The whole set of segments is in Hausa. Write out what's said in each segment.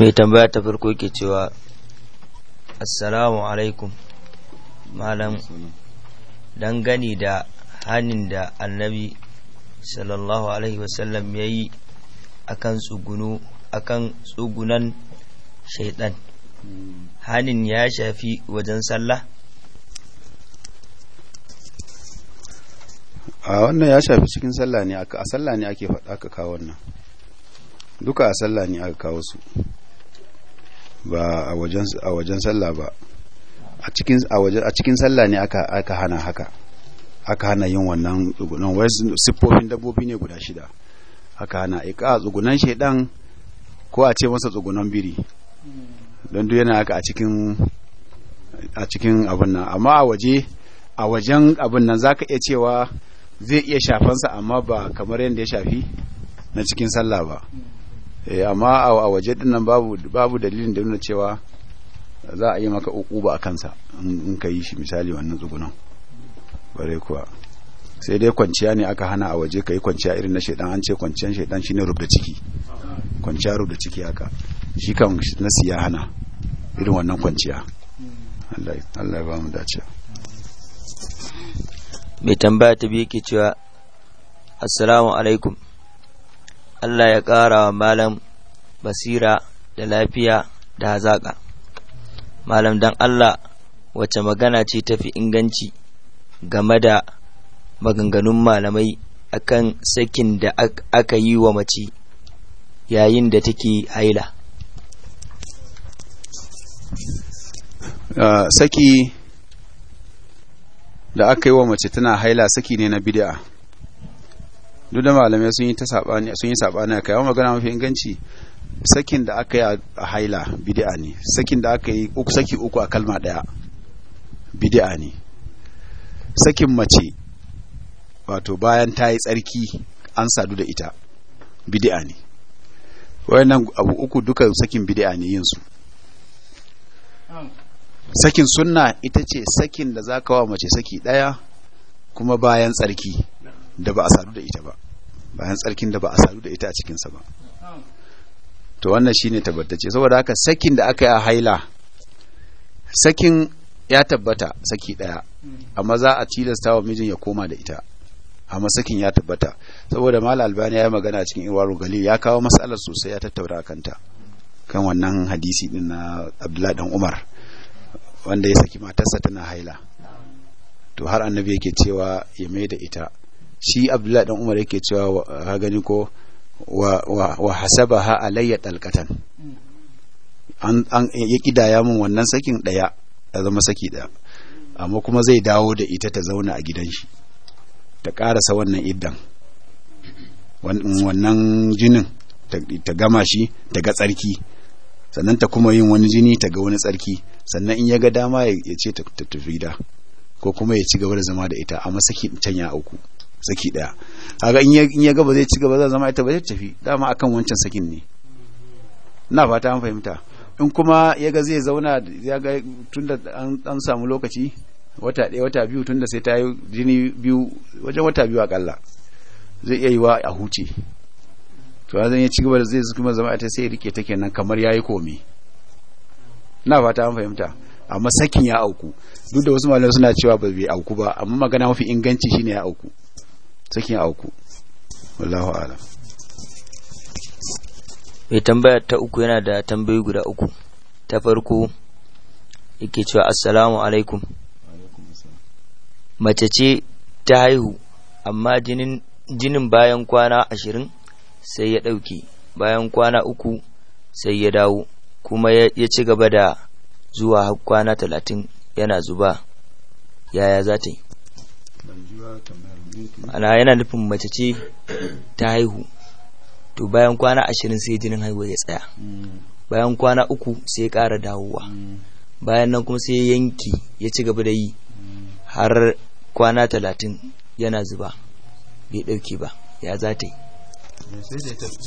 mai tambaya ta farko ke cewa assalamu alaikum malam dangane da hannun da annabi sallallahu alaihi wasallam ya yi akan tsugunu tsugunan shaidan hannun ya shafi wajen sallah a wannan ya shafi cikin sallah ne a sallah ne ake faɗa aka kawo wannan duka a sallah ne aka kawo su ba a wajen a wajen sallah ba a cikin a wajen a cikin sallah ne aka aka hana haka aka hana yin wannan tsugunan wai siffofin dabbobi ne guda shida aka hana iqa tsugunan shedan ko a ce masa tsugunan biri don duk yana haka a cikin a cikin abin nan amma a waje a wajen abin nan zaka iya cewa zai iya shafansa amma ba kamar yadda ya shafi na cikin sallah ba Eh, amma a waje din nan babu babu dalilin da nuna cewa za a yi maka ba a kansa in ka yi shi misali wannan tsugunan bare kuwa sai dai kwanciya ne aka hana a waje ka yi kwanciya irin na shaidan an ce kwanciyan shaidan ne rubda ciki kwanciya rubda ciki haka shi kan nasi ya hana irin wannan kwanciya Allah ya ba mu dace mai tambaya ta biyu ke cewa assalamu alaikum Allah ya ƙara wa malam basira da lafiya da hazaƙa malam dan Allah wace magana ce tafi inganci game da maganganun malamai akan sakin da aka yi wa mace yayin da take haila ah, saki da aka yi wa mace tana haila saki ne na bid'a duk da malamai sun yi ta sabani sun yi sabani kai amma magana mafi inganci sakin da aka yi a haila bid'a ne sakin da aka yi uku saki uku a kalma daya bid'a ne sakin mace wato bayan ta yi tsarki an sadu da ita bid'a ne wayannan abu uku duka sakin bid'a ne yin su sakin sunna ita ce sakin da zaka wa mace saki daya kuma bayan tsarki da ba a sadu da ita ba bayan tsarkin da ba a sadu da ita a cikinsa ba to wannan ne tabbatace saboda haka sakin da aka yi a haila sakin ya tabbata saki daya amma za a tilasta wa mijin ya koma da ita amma sakin ya tabbata saboda mal albani ya yi magana cikin iwaru gali ya kawo matsalar sosai ya tattaura kanta kan wannan hadisi din na abdullahi dan umar wanda ya saki matarsa tana haila to har annabi yake cewa ya mai da ita shi abdullahi dan umar yake cewa ha gani ko wa wa hasabaha alayya talqatan an an ya kidaya min wannan sakin daya ya zama saki daya amma kuma zai dawo da ita ta zauna a gidan shi ta karasa wannan iddan wannan jinin ta gama shi ta ga tsarki sannan ta kuma yin wani jini ta ga wani tsarki sannan in ya ga dama ya ce ta tafi da ko kuma ya ci gaba da zama da ita a masaki can ya auku saki daya kaga in ya ga ba zai ci gaba zai zama ita ba zai tafi dama akan wancan sakin ne na fata an fahimta in kuma ya ga zai zauna ya ga tunda an samu lokaci wata ɗaya wata biyu tunda sai ta yi jini biyu wajen wata biyu akalla zai iya yi wa a huce to ya zan ya ci gaba da zai kuma zama ita sai rike ta kenan kamar ya yi komi na fata an fahimta amma sakin ya auku duk da wasu malamai suna cewa ba bai auku ba amma magana mafi inganci shine ya auku cikin auku wallahu alam mai tambaya ta uku yana da tambayi guda uku ta farko yake cewa assalamu alaikum mace ce ta haihu amma jinin jinin bayan kwana ashirin sai ya ɗauke bayan kwana uku sai ya dawo kuma ya ci gaba da zuwa har kwana talatin yana zuba yaya za ta yi ana yana nufin mace ce ta haihu to bayan kwana ashirin sai jinin haihuwa ya tsaya bayan kwana uku sai kara ƙara dawowa bayan nan kuma sai yanki ya ci gaba da yi har kwana talatin yana zuba bai ɗauke ba ya za ta yi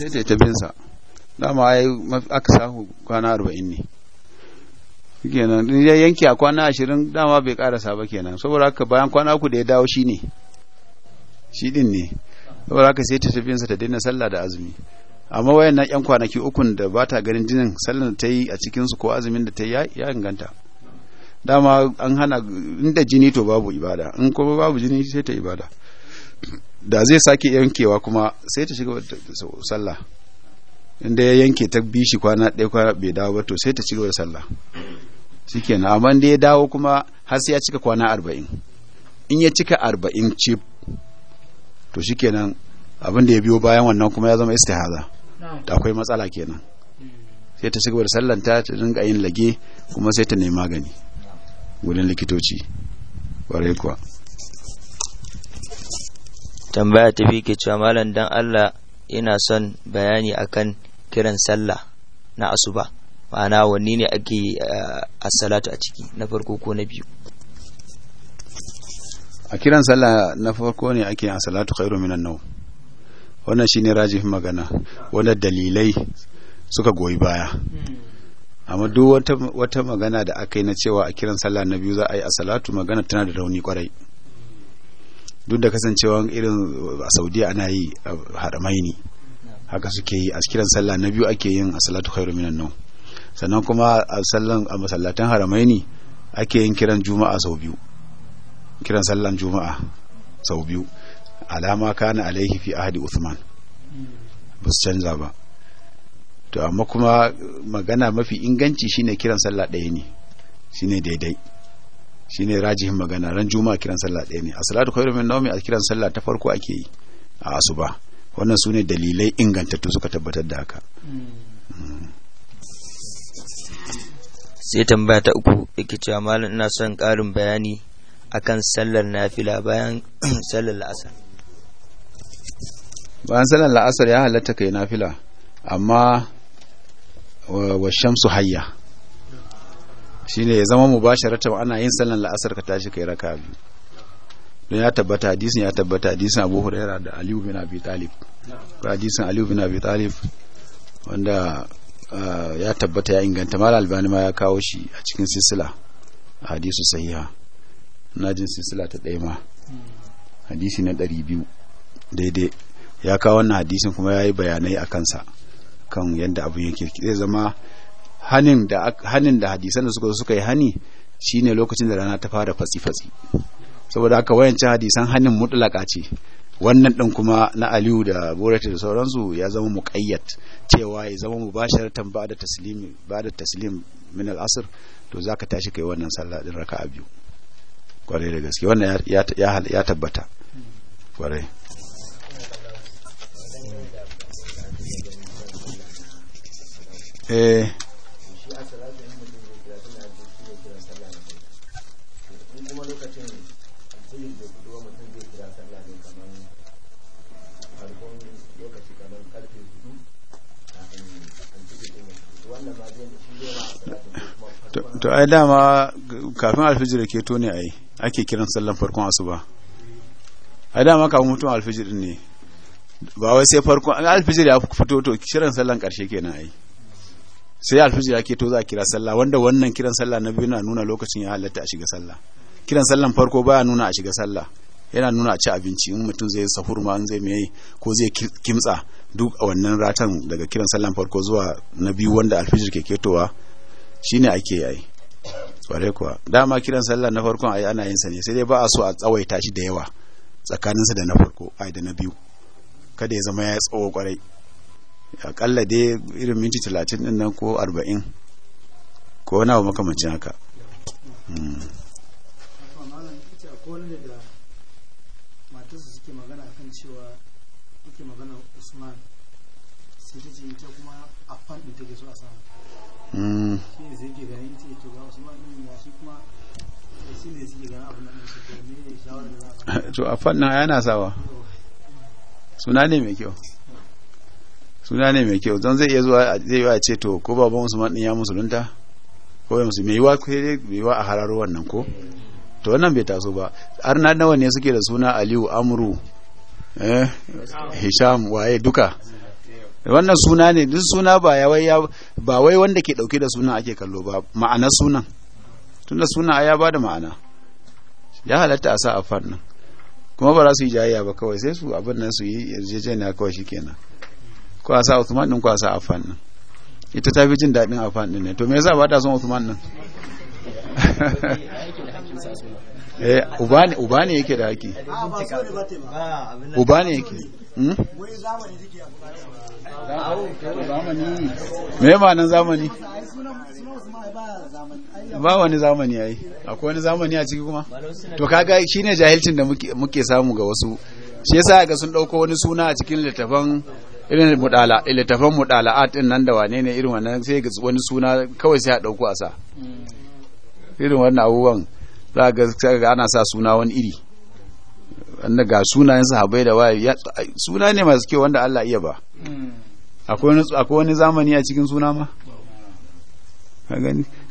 sai ta yi binsa dama ya aka sahu kwana arba'in ne kenan ya yanki a kwana ashirin dama bai karasa ba kenan saboda haka bayan kwana uku da ya dawo shi ne shi din ne saboda haka sai ta sa ta daina sallah da azumi amma wayan na yan kwanaki ukun da ba ta ganin jinin sallar da ta yi a cikinsu ko azumin da ta yi ya inganta dama an hana inda jini to babu ibada in kuma babu jini sai ta ibada da zai sake yankewa kuma sai ta shiga sallah inda ya yanke ta bishi kwana ɗaya kwana bai dawo ba to sai ta cigaba da sallah shikenan amma da ya dawo kuma har sai ya cika kwana arba'in in ya cika arba'in cif to shi kenan abin da ya biyo bayan wannan kuma ya zama istihaza da akwai matsala kenan sai ta shiga da sallanta ta dinga yin lage kuma sai ta nemi magani wurin likitoci ware kuwa tambaya ta fi ke cewa malam dan Allah ina son bayani akan kiran sallah na asuba ma'ana wanne ne ake eh, a salatu a ciki na farko ko na biyu a kiran sallah na farko ne ake yin salatu khairu minan nau wannan shine rajihin magana wanda dalilai suka goyi baya amma duk wata magana da aka yi na cewa a kiran sallah na biyu za a yi a salatu magana tana da rauni kwarai duk da kasancewa irin a saudiya ana yi a haramai ne haka suke yi a kiran sallah na biyu ake yin a salatu khairu minan nau sannan kuma a sallan a masallatan haramai ne ake yin kiran juma'a sau biyu kiran sallan juma'a sau biyu alama kana alaihi fi ahadi usman ba canza ba to amma kuma magana mafi inganci shine kiran sallah ɗaya ne shine daidai shine rajihin magana ran juma'a kiran sallah ɗaya ne a salatu khairu min nawmi a kiran sallah ta farko ake yi a asuba wannan sune dalilai ingantattu suka tabbatar da haka sai tambaya ta uku yake cewa malam ina son ƙarin bayani akan sallar nafila bayan sallar la'asar bayan sallar la'asar ya halatta kai nafila amma wa shamsu hayya shine ya zama mubasharatan ana yin sallar la'asar ka tashi kai raka biyu don ya tabbata hadisin ya tabbata hadisin Abu Hurairah da Aliyu bin Abi Talib hadisin Aliyu bin Abi Talib wanda ya tabbata ya inganta mal albani ma ya kawo shi a cikin sisila hadisu sahiha na jin silsila ta ɗaya ma hadisi na ɗari biyu daidai ya kawo wannan hadisin kuma ya yi bayanai a kansa kan yadda abin yake zai zama hanin da hadisan da suka zo suka yi hani shine lokacin da rana ta fara fatsi fatsi saboda aka wayancin hadisan hanin mutlaka ce wannan ɗin kuma na aliyu da borati da sauransu ya zama mu ƙayyat cewa ya zama mu ba da ba da taslim min al'asir to to zaka tashi kai wannan sallah ɗin raka'a biyu kwarai da gaske wannan ya tabbata kwarai eh to ai dama kafin alfijir ke to ne ai ake kiran sallan farkon asuba a dama kafin mutum alfijir ne ba wai sai farkon alfijir ya fito to kiran sallan karshe kenan ai sai alfijir ya to za a kira sallah wanda wannan kiran sallah na biyu na nuna lokacin ya halatta a shiga sallah kiran sallan farko baya nuna a shiga sallah yana nuna a ci abinci in mutum zai sahur ma in zai me ko zai kimtsa duk a wannan ratan daga kiran sallan farko zuwa na biyu wanda alfijir ke ketowa shine ake yi kware kuwa dama kiran sallah na farkon ai ana yin sa ne sai dai ba a so a tsawaita shi da yawa tsakanin sa da na farko ai da na biyu kada ya zama ya tsawo kwarai akalla dai irin minti talatin din nan ko arba'in ko na abu makamancin haka hmm. cewa to a fannin yana sawa suna ne mai kyau suna ne mai kyau don zai iya zuwa zai yi a ce to ko babban usman maɗin ya musulunta ko ya mai yiwa mai yiwa a hararo wannan ko to wannan bai taso ba har na nawa ne suke da suna aliyu amru eh hisham waye duka wannan suna ne duk suna ba ya wai ba wai wanda ke dauke da sunan ake kallo ba ma'ana sunan tunda suna ya bada ma'ana ya halatta a sa a fannin kuma ba za su yi jayayya ba kawai sai su abin nan su yi yarjejeniya kawai shikenan ko a sa Uthman din ko a sa a fannin ita ta fi jin daɗin a fannin ne to me yasa ba ta son Uthman din Eh, uba ne yake da haƙi uba ne yake hmm? Hmm? me ma nan zamani ba wani zamani yi, akwai wani zamani a ciki kuma to kaga shi ne jahilcin da muke samu ga wasu shi yasa ga sun dauko wani suna a cikin littafan irin littafan mudala'at nan da wane ne irin wannan sai ga wani suna kawai sai a dauko a sa hmm. irin wannan abubuwan za ga ana sa suna wani iri wanda ga sunayen sahabai da waye suna ne masu kyau wanda Allah iya ba akwai wani zamani a cikin suna ma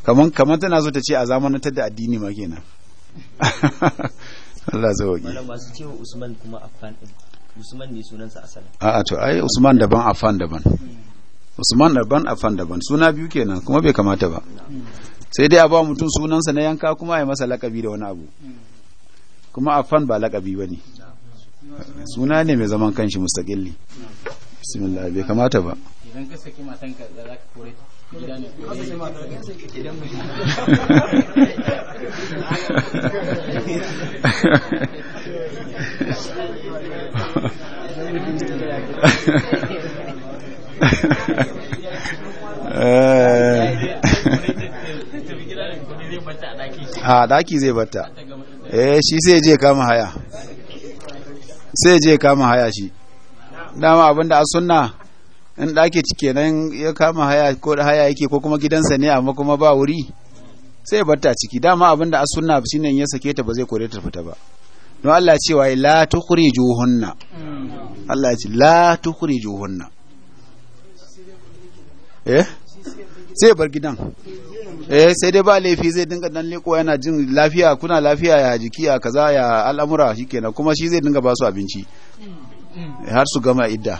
kaman kamar tana so ta ce a zamanantar da addini ma kenan Allah zai wage masu cewa Usman kuma Affan Usman ne sunansa asalin a'a to ai Usman daban Affan daban Usman daban Affan daban suna biyu kenan kuma bai kamata ba hmm. sai dai a ba mutum sunansa na yanka kuma ya masa lakabi da wani abu kuma a fan ba lakabi ba ne suna ne mai zaman kanshi mustaƙilli bismillah bai kamata ba idan ka saki matanka za ka kore gida ne Eh. a daki zai batta eh shi sai je kama haya sai je kama haya shi dama abinda a sunna in daki kenan ya kama haya ko haya yake ko kuma gidansa ne amma kuma ba wuri sai batta ciki dama abinda a sunna ne ya sake ta ba zai kore ta fita ba don Allah cewa la tukhrijuhunna hmm. Allah ya ce la tukhrijuhunna eh sai bar gidan eh sai dai ba laifi zai dinga dan leko yana jin lafiya kuna lafiya ya jiki ya kaza ya al'amura shikenan kuma shi zai dinga ba su abinci har su gama idda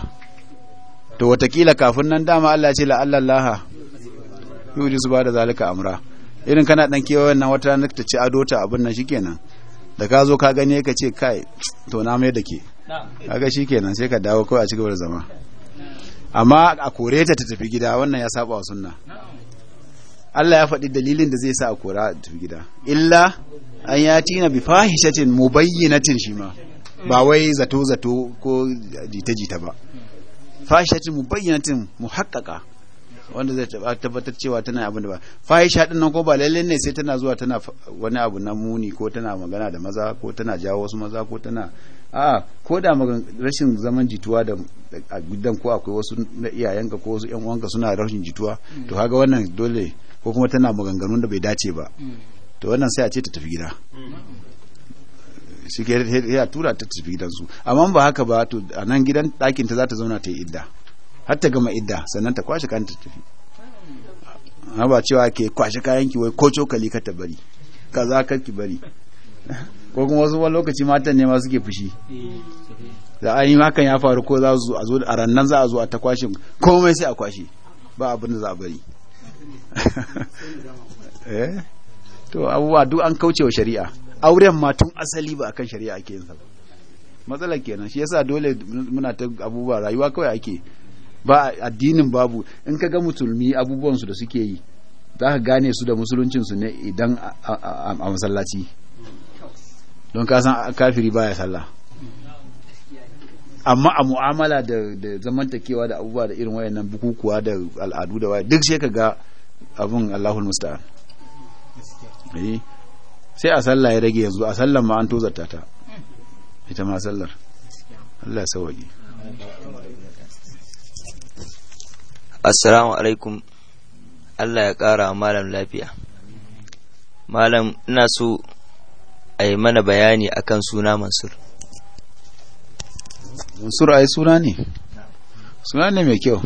to watakila kafin nan dama Allah ce la laha yuji su ba da zalika amra irin kana dan kewa wannan wata ranar ta ci ado ta abin nan shikenan da ka zo ka gane ka ce kai to na mai da ke kaga shikenan sai ka dawo kawai a cigaba da zama amma a kore ta ta tafi gida wannan ya saba wa sunna Allah ya faɗi dalilin da zai sa a kora ta tafi gida illa an ya tina bi fahishatin mubayyinatin shi ma ba wai zato zato ko jita jita ba fahishatin mubayyinatin muhaqqaqa wanda zai tabbatar cewa tana abin da ba fahisha din nan ko ba lalle ne sai tana zuwa tana wani abu na muni ko tana magana da maza ko tana jawo wasu maza ko tana a ko da rashin zaman jituwa da a gidan ko akwai wasu na iyayenka ko wasu yan uwanka suna rashin jituwa to mm. kaga wannan dole ko kuma tana maganganun da bai dace ba mm. to wannan sai a ce ta tafi gida shi ke ya tura ta tafi gidansu amma ba haka ba to a nan gidan ɗakin ta za ta zauna ta yi idda har ta gama idda sannan ta kwashe kayan ta tafi na ba cewa ke kwashe kayan ki wai ko cokali ka ta bari kaza ka ki bari ko kuma wasu wani lokaci matan ne ma suke fushi da a yi hakan ya faru ko za su a zo a rannan za a zo a ta kwashe komai sai a kwashe ba abin da za a bari eh? to abubuwa duk an kaucewa shari'a auren ma tun asali ba akan shari'a ake yin sa matsalar kenan shi yasa dole muna ta abubuwa rayuwa kawai ake ba addinin babu in ka ga musulmi abubuwan su da suke yi za ka gane su da musuluncin su ne idan a masallaci don ka san kafiri baya sallah amma a mu'amala da da zamantakewa da abubuwa da irin wayannan bukukuwa da al'adu da waya duk sai ka ga abun Allahul musta'an eh sai a sallah ya rage yanzu a sallar ma an tozarta ta ita ma sallar Allah ya Assalamu alaikum Allah ya kara malam lafiya. Malam ina so a yi mana bayani akan suna mansur mansur a yi suna ne suna ne mai kyau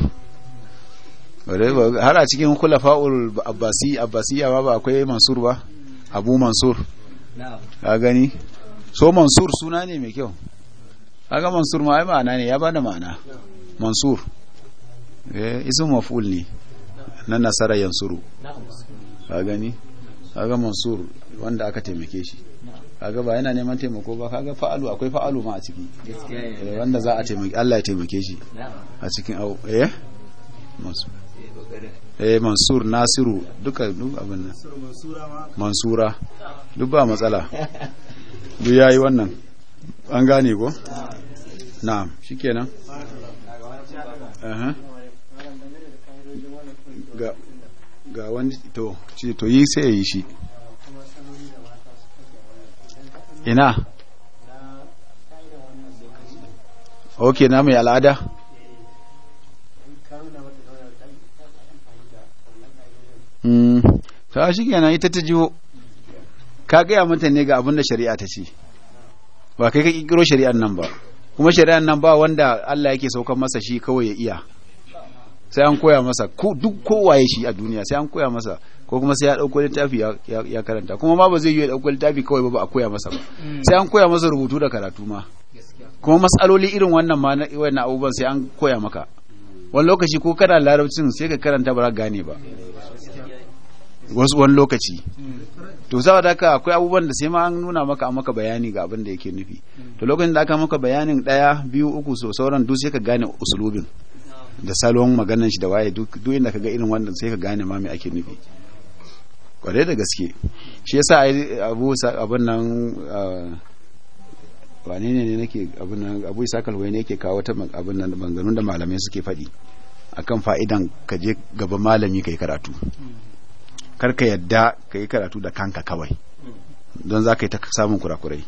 har a cikin kula fa'ul Abbasi ma ba akwai mansur ba abu mansur a gani so mansur suna ne mai kyau aga mansur ma yi ma'ana ne ya ba da ma'ana mansur eh, isin maf'ul ne na nasara yansuru a gani aga mansur wanda aka taimake shi kaga ba yana neman taimako ba kaga fa'alu akwai fa'alu ma a ciki eh, wanda za a taimaki Allah ya taimake shi a cikin au eh mansur eh, eh mansur nasiru duka duk abin nan mansura duk ba matsala duk yayi wannan an gane ko na'am shikenan ga wani to ce to yi sai ya yi shi ina ok na mai al'ada hmm, ta shi kenan ita ta jiwo ka gaya mata ne ga abin da shari'a ta ce ba kai ka kikiro shari'an nan ba kuma shari'an nan ba wanda Allah yake saukan masa shi kawai ya iya sai an koya masa duk kowaye shi a duniya sai an koya masa ko kuma sai ya dauko littafi ya karanta kuma ma ba zai yi ya dauko littafi kawai ba ba a koya masa ba mm. sai an koya masa rubutu da karatu ma kuma matsaloli irin wannan ma wannan abubuwan sai an koya maka wani lokaci ko kana larabcin sai ka karanta ba za gane ba wasu wani lokaci mm. to saboda ka akwai abubuwan da sai ma an nuna maka a maka bayani ga abin da yake nufi mm. to lokacin da aka maka bayanin daya biyu uku so sauran duk sai ka gane usulubin da salon maganan shi da waye duk inda ka ga irin wannan sai ka gane ma me ake nufi kwarai da gaske shi yasa abu abin nan ah, wane ne nake abin nan abu isa kalwai ne yake kawo ta abin nan banganun da malamai suke faɗi akan fa'idan ka je gaba malami kai karatu kar ka yadda ka yi karatu da kanka kawai don za ka yi ta samun kurakurai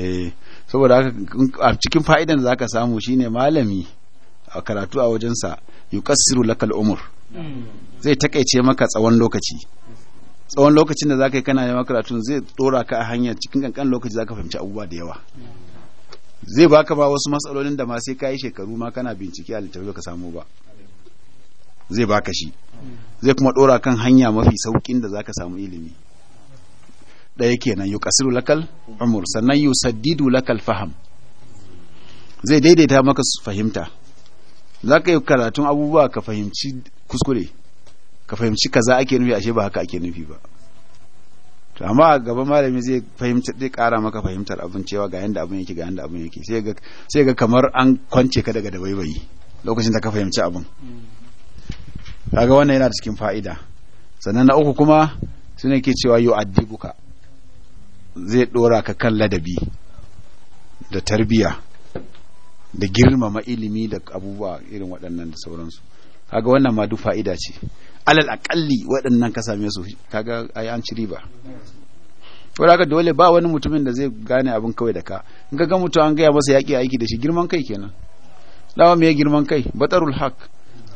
eh, saboda a cikin fa'idan da za ka samu shine malami a karatu a wajensa yukassiru lakal umur zai takaice maka tsawon lokaci tsawon lokacin da za ka yi kana yawan karatun zai tsora ka a hanyar cikin kankan lokaci za ka fahimci abubuwa da yawa zai baka ba wasu matsalolin da ma sai ka yi shekaru ma kana bincike a littafi ka samu ba zai baka shi zai kuma dora kan hanya mafi saukin da za ka samu ilimi ɗaya kenan yu kasiru lakal umur sannan saddidu lakal faham zai daidaita maka fahimta za ka yi karatun abubuwa ka fahimci kuskure ka fahimci kaza ake nufi ashe ba haka ake nufi ba to amma gaba malami zai fahimci zai kara maka fahimtar abin cewa ga yanda abin yake ga yanda abin yake sai ga sai ga kamar an kwance ka daga dabaibayi lokacin da ka fahimci abin hmm. kaga wannan yana da cikin fa'ida sannan na uku kuma sune ke cewa yu addibuka zai dora ka kan ladabi da tarbiya da girmama ilimi da abubuwa irin waɗannan da sauransu kaga wannan ma duk fa'ida ce alal akalli waɗannan ka same su kaga ai an ci riba wadaka dole ba wani mutumin da zai gane abin kawai da ka in ka ga mutum an gaya masa yaƙi aiki da shi girman kai kenan dawa me girman kai batarul haq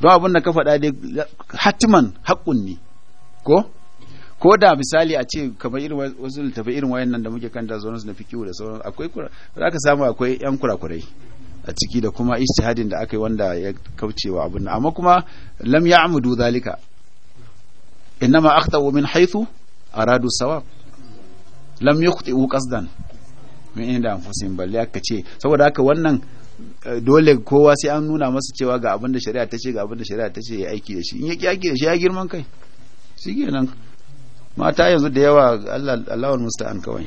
don abin da ka faɗa dai hatiman haƙƙun ne ko ko da misali a ce kamar irin wasu littafai irin wayannan da muke kan da zonas na fikihu da sauran akwai za ka samu akwai yan kurakurai a ciki da kuma istihadin da aka yi wanda ya kauce wa abin amma kuma lam ya amudu zalika innama akhtau min haythu aradu sawab lam yukhti'u qasdan min inda anfusihim balle aka ce saboda haka wannan eh, dole kowa sai an nuna masa cewa ga abin da shari'a ta ce ga abin da shari'a ta ce ya aiki da shi in ya ki aiki da shi ya girman kai shi kenan mata yanzu da yawa Allah musta'an kawai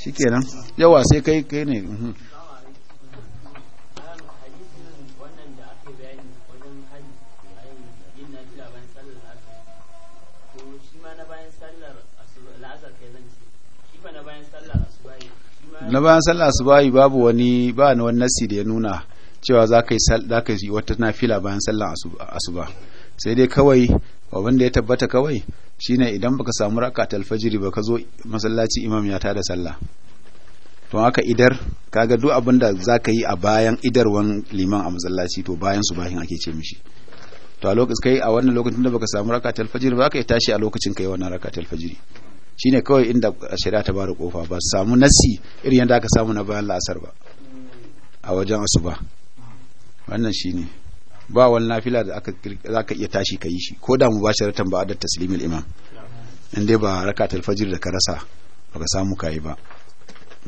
shi kenan yawa sai kai kai ne mhm. na bayan sallah asubahi babu wani ba ni wani nasi da ya nuna cewa za ka yi wata nafila bayan sallah asuba sai dai kawai abin ya tabbata kawai shine idan baka samu raka alfajiri ba ka zo masallaci imam ya tada sallah to haka idar kaga duk abin da za ka yi a bayan idar wani liman a masallaci to bayan subahin ake ce mishi to a lokacin kai a wannan lokacin da baka samu raka alfajiri ba ka yi tashi a lokacin kai wannan raka alfajiri. shine kawai inda shari'a ta bari kofa ba samu nasi irin yadda aka samu na bayan la'asar ba a wajen asuba wannan shine ba wani nafila da aka ka iya tashi ka yi shi ko da mu ba sharatan ba adat taslimil imam in dai ba raka talfajir da ka rasa ba ka samu kayi ba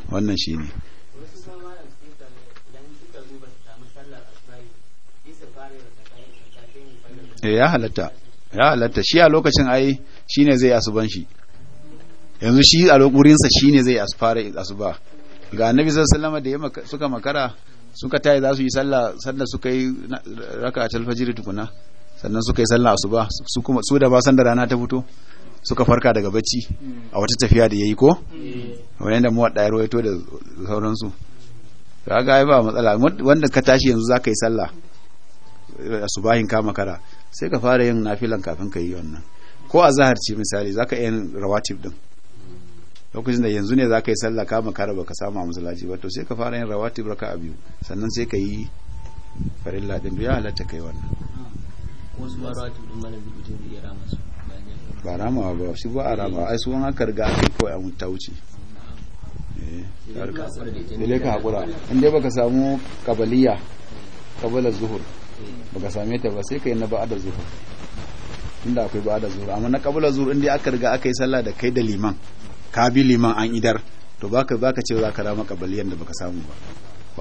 wannan shine eh, ya halatta ya halatta shi a lokacin ai shine zai asuban shi yanzu shi a wurinsa shi ne zai asfara asuba ga annabi sallallahu alaihi da suka makara suka tayi za su yi sallah sannan suka yi raka a talfajiri tukuna sannan suka yi sallah asuba su kuma su da ba san rana ta fito suka farka daga bacci a wata tafiya da yayi ko wani da muwadda ya rawaito da sauransu kaga ai ba matsala wanda ka tashi yanzu za ka yi sallah asubahin ka makara sai ka fara yin nafilan kafin ka yi wannan ko a zahar ce misali ka yi rawatib din lokacin da yanzu ne za ka yi sallah ka makara ba ka samu a masallaci ba to sai ka fara yin rawatib raka a biyu sannan sai ka yi farilla din ya halatta kai wannan wasu ba rawatib din malam bidin da iya rama su ba rama ba shi ba a rama ai su aka karga aka yi kawai an ta wuce eh ka hakura in dai baka samu kabaliya kabalar zuhur baka same ta ba sai ka yi na ba'ada zuhur inda akwai ba'ada zuhur amma na kabalar zuhur inda aka riga aka yi sallah da kai da liman ka bi liman an idar to baka baka ce za ka rama kabaliyan da baka samu ba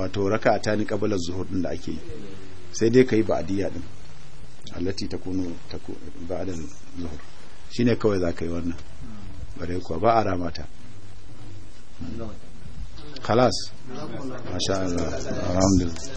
wato raka ta ni kabalar zuhur din da ake yi sai dai kai ba'diya din allati takunu ba'da zuhur shine kawai za ka yi wannan bare kuwa ba a rama ta خلاص ما شاء الله الحمد لله